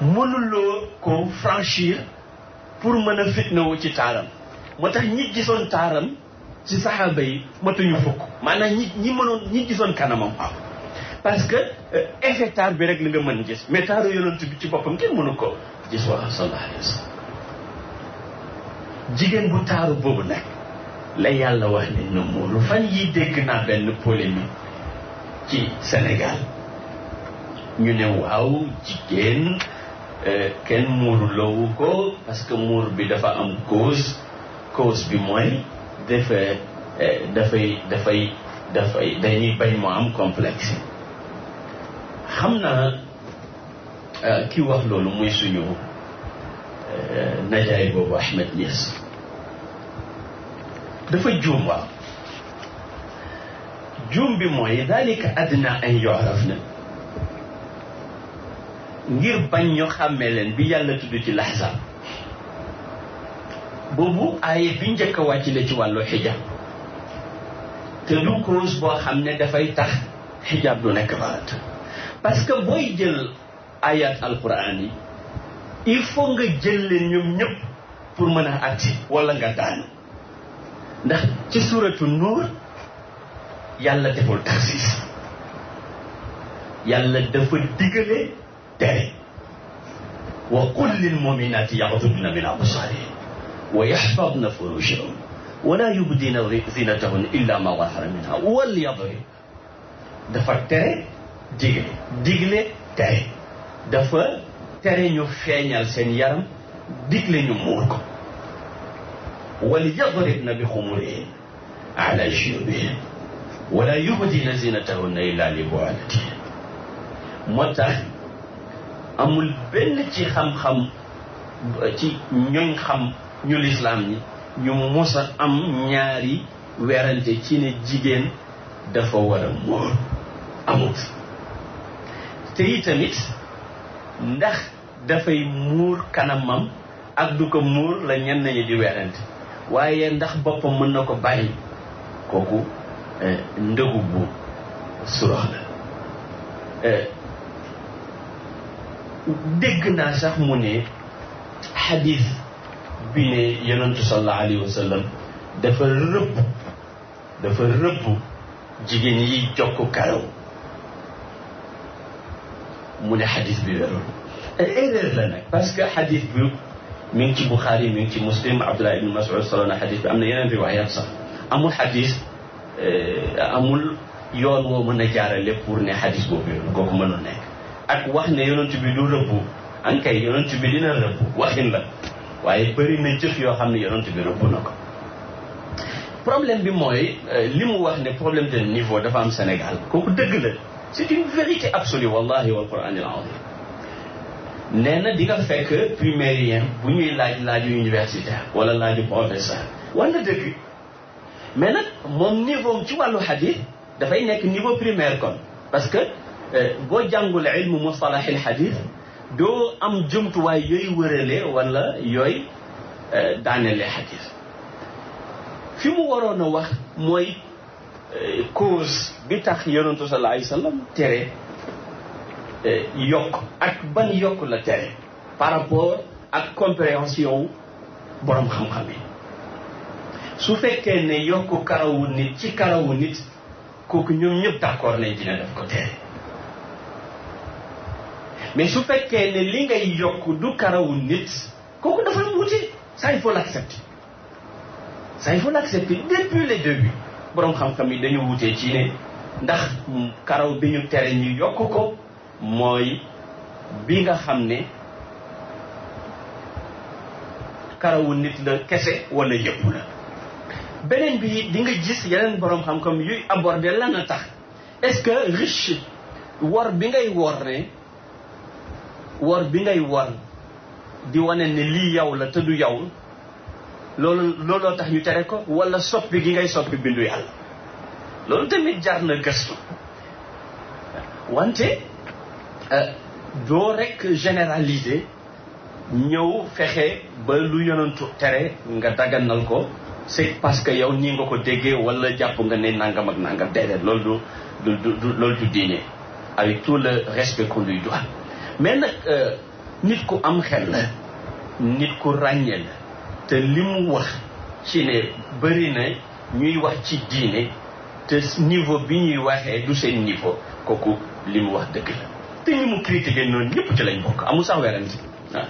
mënuloo ko franchir pour mën a fitnawu ci taaram moo tax ñi gisoon taaram ci saxaaba yi matuñu fukk maanaam ñi ñi mënoon ñi gisoon kanamam waaw parce que euh, effet taar bi rek la nga mën gis mais taaru yonent bi ci boppam kenn mënu ko gis wa sallallahu alayhi wa sallam jigéen bu taaru boobu nag la yàlla wax ne na muuru fan yi dégg naa benn polémique ci senegal ñu ne waaw jigéen euh, kenn muuru loowu ko parce que muur bi dafa am cause cause bi mooy dafa euh, dafay dafay dafay dañuy bañ moo am complexe xam naa euh, kii wax loolu muy suñu najaay boobu Ahmed Niass dafa juum waaw juum bi mooy dalika adna an yu'raf na ngir bañ ñu xàmmee leen bi yàlla tudd ci laxsam boobu aaya bi njëkk a wàcc la ci wàllu xijaab te du cause boo xam ne dafay tax xijaab du nekk farata parce que booy jël ayat alquran yi il faut nga jël leen ñoom ñëpp pour mën a atti walla nga daanu ndax ci suuratu nuur yàlla deful taxis yàlla dafa digale tere wa qul lil muminaati yaxdudna min absaarihin wa yaxfadna furujahun wala yubdina zinatahun illa ma zahara minha wal yadrib dafa tere digle digle tere dafa tere ñu feeñal seen yaram digle ñu muur ko وليضربن بخمرهن على جيوبهن ولا يبدين زينتهن إلا لبعولتهن moo tax amul benn ci xam-xam ci ñoñ xam ñu lislaam yi ñu mos a am ñaari werante ci ne jigéen dafa war a muur amut te itamit ndax dafay muur kanamam ak du ko muur la ñenn ñi di werante waaye ndax boppam mën na ko bàyyi kooku eh, ndëgu bu surox la eh, dégg naa sax mu ne xadis bi ne yonentu sallallahu alayhi wa sallam dafa rëbb jigéen yi jokk karaw mu ne xadis bi wérul eh, la nag parce que xadis bi mi ngi ci Buxaari mi ngi ci Muslim Abdullah ibn Mas'ud solo na xadis bi am na yeneen riwaayaat sax amul xadis eh, amul yoon woo mën a jaarale pour ne xadis boobu yoon kooku mënul nekk ak wax ne yonent bi du rëbbu an kay yonent bi dina rëbbu waxin la waaye bëri na jëf yoo xam ne yonent bi rëbbu na ko problème bi mooy eh, li mu wax ne problème de niveau dafa am senegal kooku dëgg la c'est une vérité wallahi wal Qur'an al azim nee na di nga fekk primairien bu ñuy laaj laaju universitaire wala laaju professeur wala dëkk mais nag moom niveau ci wàllu xadis dafay nekk niveau primaire kon parce que euh, boo jàngul ilmu mustalahil xadis doo am jumtuwaay yooyu wërale wala yooyu euh, daanele xadis fi mu waroon a wax mooy euh, cause bi tax yonentu sallallahu alayhi wa sallam tere Euh, yokk ak ban yokk la tere par rapport ak compréhension wu borom xam-xam bi su fekkee ne yokk karawu nit ci karawu nit kooku ñoom ñëpp d'accord nañ dina def ko tere mais su fekkee ne li ngay yokk du karawu nit kooku dafa am wuti ça il faut l'accepter ça il faut l'accepter depuis le début borom xam-xam yi dañu wutee ci ndax karaw bi ñu tere ñu yokk ko mooy bi nga xam ne karawu nit la kese walla yëpp la beneen bi di gis yeneen boroom xam-xam yuy aborder lan a tax est-ce wor bi ngay wor ne wor bi ngay wor di wane ne lii yow la te du yow loolu looloo tax ñu tere ko wala soppi gi ngay soppi bindu yàlla loolu tamit jar na gëstu wante Euh, doo rek généraliser ñëw fexe ba lu yonantu tere nga daganal ko c'est parce que yow nii nga ko déggee wala jàpp nga ne nangam ak nangam déedéet loolu du du du loolu du diine avec tout le respect ko lui doit mais nag euh, nit ku am xel la nit ku ràññee la te li mu wax ci ne bëri na ñuy wax ci diine te niveau bi ñuy waxee du seen niveau kooku li mu wax dëgg la te ñi mu critiqué noonu ñëpp ci lañ bokk amul sax werante waaw ah.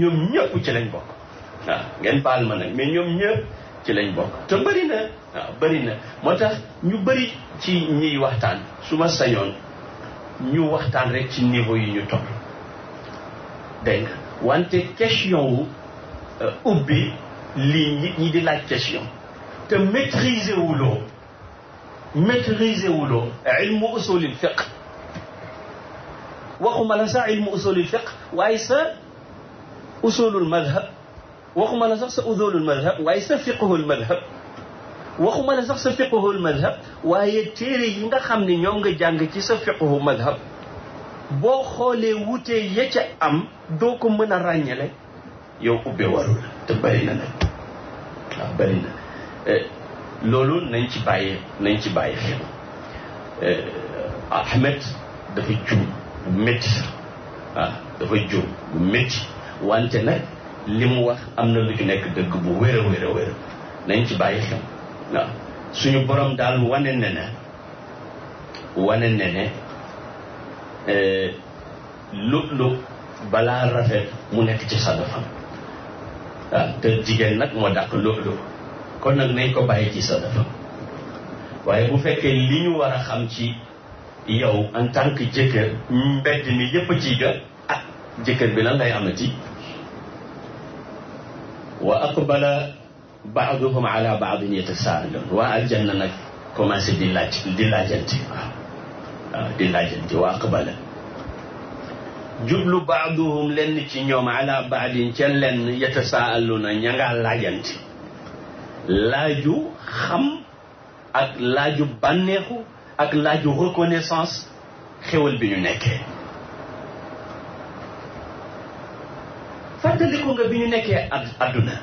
ñoom ñëpp ci lañ bokk waaw ah. ngeen baal ma nag mais ñoom ñëpp ci lañ bokk te bëri na ah, bëri na moo tax ñu bëri ci ñiy waxtaan su ma sañoon ñu waxtaan rek ci niveau yi ñu toll dégg wante question wu euh, ubbi lii nit ñi di laaj question te maîtriser wuloo maîtriser wuloo ilmu usulil fiqh waxuma la sa ilmu usulul fiqh waaye sa usulul madhab waxuma la sax sa usulul madhab waaye sa fiqhul madhab waxuma la sax sa fiqhul madhab waaye téere yi nga xam ni ñoom nga jàng ci sa fiqhu madhab boo xoolee wutee ya ca am doo ko mën a ràññale yow ubbe warul te bëri na nag waaw na eh, loolu nañ ci bàyyi nañ ci bàyyi xel eh, Ahmed dafa bu métti waaw dafa juum bu métti wante nag li mu wax am na lu ci nekk dëgg bu wér a wér ci bàyyi xel waaw suñu borom daal wane ne ne wane ne lu eh, lu balaa rafet mu nekk ci sadafam waaw te jigéen nag moo dàq lu lu kon nag nañ ko bàyyi ci sadafam waaye bu fekkee li ñu war xam ci yow en tant que jëkkër mbedd mi yépp ci jot ah wa aqbala baaduhum ala baadin yatasaaloon waa aljanna nag di laaj di laajante wa aqbala jublu baaduhum lenn ci ñoom ala baadin ca lenn yatasaaluuna ña ngaa laajante ak laaju bànneexu ak laaju reconnaissance xéwal bi ñu nekkee fàttaliku nga bi ñu nekkee adduna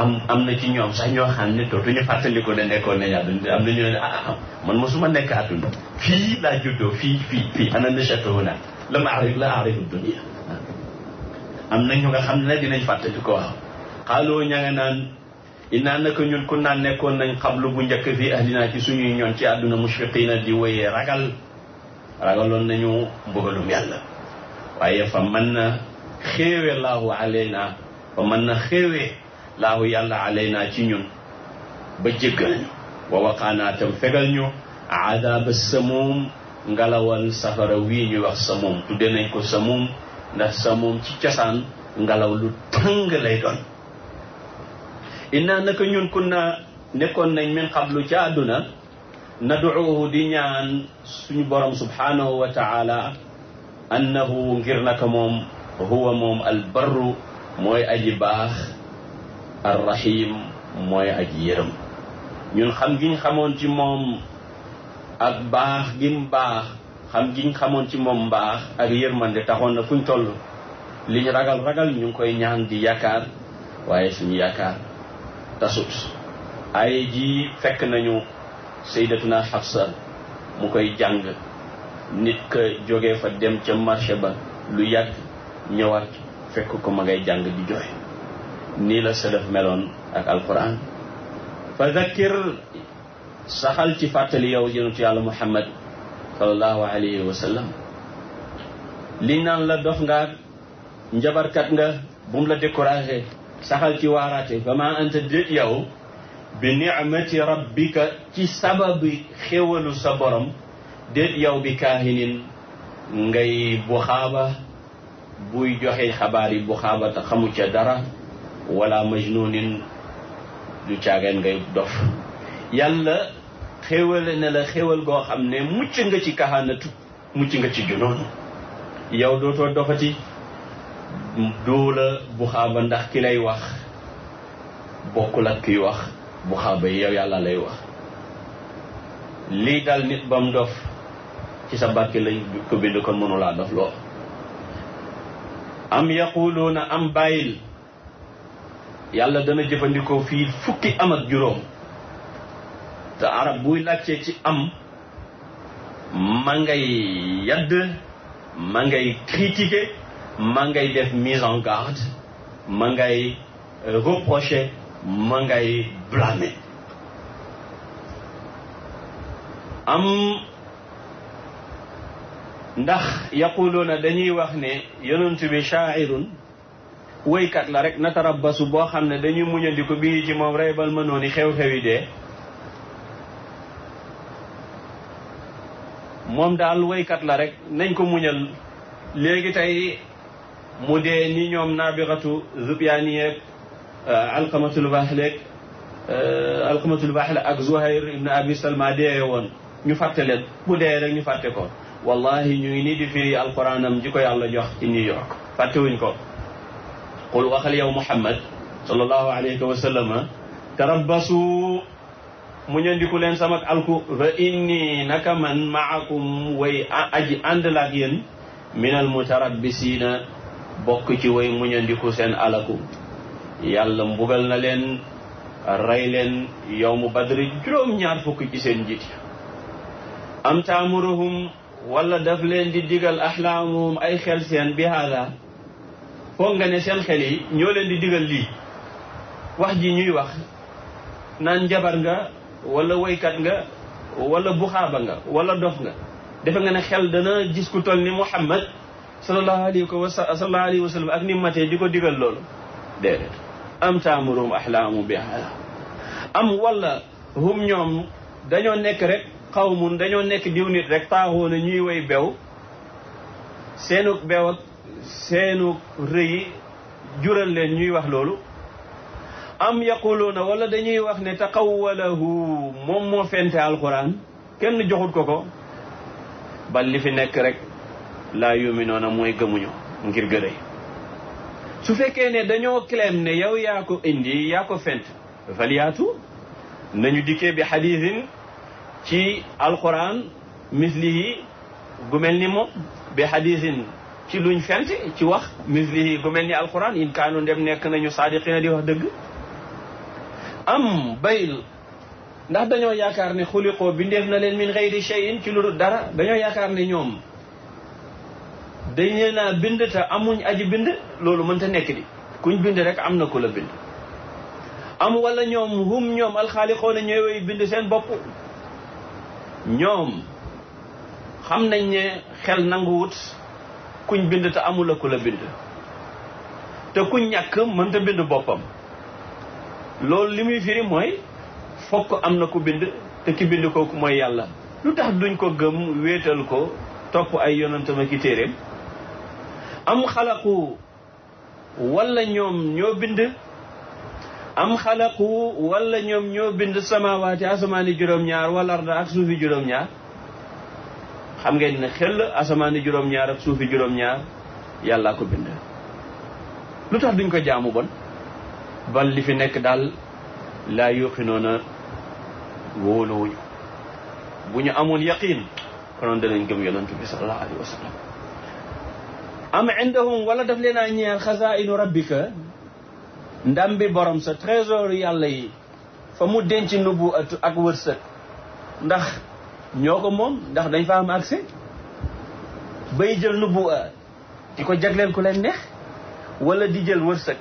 am am na ci ñoom sax ñoo xam ne dootuñu fàttaliku ne nekkoon nañu adduna am na ñoo ne ah, ah man mosuma nekk adduna fii laa juddoo fii fii fii ana nachatu huna lam arif la arif dunia am na ñu nga xam ne dinañ fàttaliku waaw xaaloo ña nga naan innaa naka ñun kun naa nekkoon nañ xablu bu njëkk fii ahlinaa ci suñuy ñoon ci àdduna mushfiqiina di wéyee ragal ragaloon nañu mbugalum yàlla waaye fa na fa mën na xéewe laahu yàlla alaynaa ci ñun ba jéggal ñu wa waqaanaa tam ñu aadaaba samuum ngalawal safara wii ñuy wax samuum tudde nañ ko samuum ndax samuum ci cosaan ngalaw lu tàng lay doon na naka ñun na nekkoon nañ min xablu ca àdduna nad'uuhu di ñaan suñu borom subhanahu wa taala annahu ngir naka moom huwa moom albarru mooy aji baax arrahim mooy aji yërëm ñun xam giñ xamoon ci moom ak baax gi baax xam giñ xamoon ci moom mbaax ak yërmande taxoon na fuñ toll ragal ragal ñu ngi koy ñaan di yaakaar waaye suñu yaakaar tasut ay ji fekk nañu saydatuna Xafsa mu koy jàng nit ka jóge fa dem ca marché ba lu yàgg ñëwaat fekk ko ma ngay jàng di joxe nii la salaf meloon ak alquran fa zakkir saxal ci fàttali yow yonentu yàlla muhammad sallallahu alayhi wa sallam liñ naan la dof nga njabarkat nga bum la découragé saxal ci waaraate fama anta déet yow bi nicmati rabbika ci sababi xéwalu sa borom déet yow bi kaahinin ngay bu xaaba buy joxe xabaar yi bu xaaba te ca dara wala majnuunin du caagan ngay dof yàlla xéwale na la xéwal goo ne mucc nga ci kahanatu mucc nga ci junoon yow dootoo dofati duula buxaaba ndax ki lay wax bokkul ak kiy wax buxaaba yi yàlla lay wax lii dal nit ba mu dof ci sa barke lañ ko bind kon mënulaa dof loo am yaquluuna am bàyyil yàlla dana jëfandikoo fii fukki am ak juróom te arab buy làccee ci am ma ngay yadd ma ngay critiquer ma ngay def mise en garde ma ngay euh, reprocher ma ngay blâmer am ndax yaquluuna dañuy wax ne yonent bi shaairun woykat la rek natarabbasu boo xam ne dañuy muñandiku bii ci moom reybal ma nooni xew-xew yi dee moom daal woykat la rek nañ ko muñal léegi tey mu dee ni ñoom naabixatu zubyaani yeeg euh, alqamatul baxleeg euh, alqamatul baxle ak zuhair ibn abi salma dee woon ñu fàtte leen bu ñu fàtte ko wallahi ñu ngi nii di firi alquranam ji ko jox ci New York fàttewuñ ko qul waxal yow muhammad sallallahu alayhi wa sallama mu ñandiku leen sama alku fa inni man maakum way aji ànd min almutarabbisiina bokk ci way muñandiku seen alaku yàlla mbugal na leen rey leen yowmu badri juróom-ñaar fukk ci seen njiit am taamuruhum wala daf leen di digal axlaamuhum ay xel seen bi haada foog nga ne seen xel yi ñoo leen di digal lii wax ji ñuy wax naan njabar nga wala waykat nga wala buxaaba nga wala dof nga defe nga ne xel dana gis ku toll ni Muhammad sallallahu alayhi wa sallam ak ni matee di ko digal loolu déedéet am taamurum ahlaamu bi am wala hum ñoom dañoo nekk rek xaw xawmun dañoo nekk diw nit rek taaxoo na ñuy woy bew seenuk bew ak seenuk rëyi jural leen ñuy wax loolu am na wala dañuy wax ne taqawwalahu moom moo fente alquran kenn joxut ko ko bal li fi nekk rek laa yuminoona mooy gëmuñu ngir gërëy su fekkee ne dañoo claim ne yow yaa ko indi yaa ko fent faliyaatu nañu dikkee bi xadiisin ci alquran mislihi gu mel ni moom bi xadiisin ci luñ fent ci wax mislihi gu mel ni alquran in kaanu ndem nekk nañu saadiqina di wax dëgg am bayl ndax dañoo yaakaar ne xuliqoo bindeef na leen min gayri cheyin ci lu dara dañoo yaakaar ne ñoom dañ leen a bind te amuñ aji bind loolu mënta nekk di kuñ bind rek am na ku la bind am wala ñoom hum ñoom alxaalixoona ñooy bind seen bopp ñoom xam nañ ne xel nanguwut kuñ bind te amula ku la bind te kuñ ñàkk mënta bind boppam loolu li muy firi mooy fokk am na ku bind te ki bind kooku mooy yàlla lu tax duñ ko gëm wéetal ko topp ay yonantam ak i am xalaqu wala ñoom ñoo bind am xalaqu wala ñoom ñoo bind samawaati asamaani juróom-ñaar wala arda ak suufi juróom-ñaar xam ngeen xel asamaani juróom-ñaar ak suufi juróom-ñaar yàllaa ko bind lu tax duñ ko jaamu bon bal li fi nekk daal laa yuqinoona wóoluwuñu bu ñu amoon yaqiin konoon danañ gëm yonent bi sallallahu alayhi wa am indahum wala daf leen a ñeel xazaa'inu rabbika ndam bi borom sa trésor yàlla yi fa mu denc nubu atu ak wërsëg ndax ñoo ko moom ndax dañ fa am accès bay jël nubu a di ko jag leen ku leen neex wala di jël wërsëg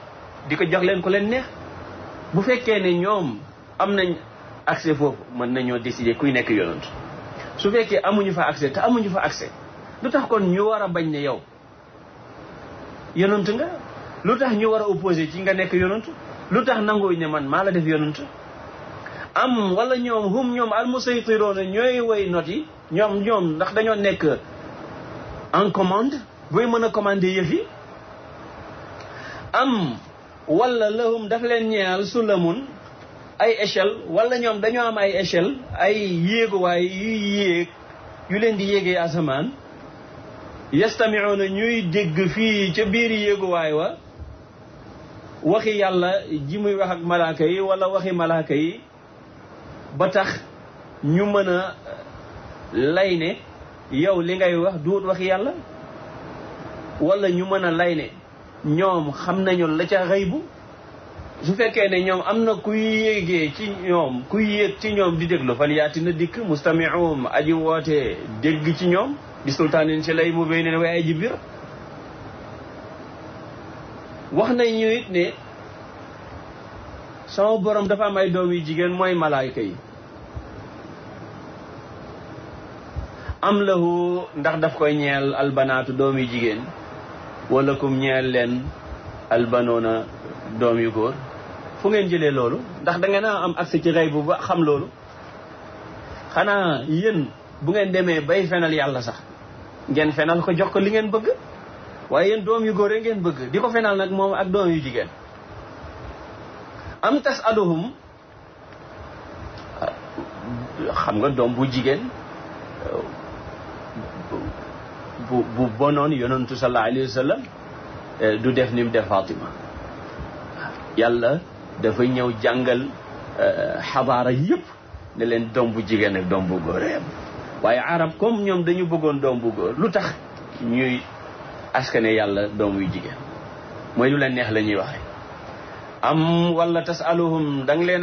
di ko jox leen ku leen neex bu fekkee ne ñoom am nañ accès foofu mën nañoo décider kuy nekk yonent su fekkee amuñu fa accès te amuñu fa accès lu tax kon ñu war a bañ ne yow yonent nga lu tax ñu war a opposé ci nga nekk yonent lu tax nangooñ ne man maa la def yonent am wala ñoom hum ñoom almusaytiroona ñooy way not yi ñoom ñoom ndax dañoo nekk en commande booy mën a commandé yëf yi am wala lahum daf leen ñeexal sulamun ay échelle wala ñoom dañoo am ay échelle ay yéeguwaay yuy yéeg yu leen di yéegee asamaan yastamicuuna ñuy dégg fii ca biir yéeguwaay wa waxi yàlla ji muy wax ak malaaka yi wala waxi malaaka yi ba tax ñu mën a lay yow li ngay wax duut waxi yàlla wala ñu mën a lay ñoom xam nañu la ca xëybu su fekkee ne ñoom am na kuy yéegee ci ñoom kuy yéeg ci ñoom di déglu fal yaati na dikk mustamiuum aji woote dégg ci ñoom bi sultaanin ci lay mu béy ne waaye ji biir wax na ñu it ne sama borom dafa am ay doom yu jigéen mooy malaayka yi am lahu ndax daf koy ñeel albanaatu doom yu jigéen wala kum ñeel leen albanoona doom yu góor fu ngeen jëlee loolu ndax dangeen a am accès ci rey bu ba xam loolu xanaa yéen bu ngeen demee bay fenal yàlla sax ngeen fenal ko jox ko li ngeen bëgg waaye yéen doom yu góor ngeen bëgg di ko fenal nag moom ak doom yu jigéen am tas xam nga doom bu jigéen bu bu bonoon yonentu sallallahu alayhi wa du def nim mu Fatima yàlla dafa ñëw jàngal eh, xabaara yépp ne leen doom bu jigéen ak doom bu góor waaye arab comme ñoom dañu bëggoon doom bu lu tax ñuy askane yàlla doom yu jigéen mooy lu leen neex la ñuy waxe am wala tasaluhum dang leen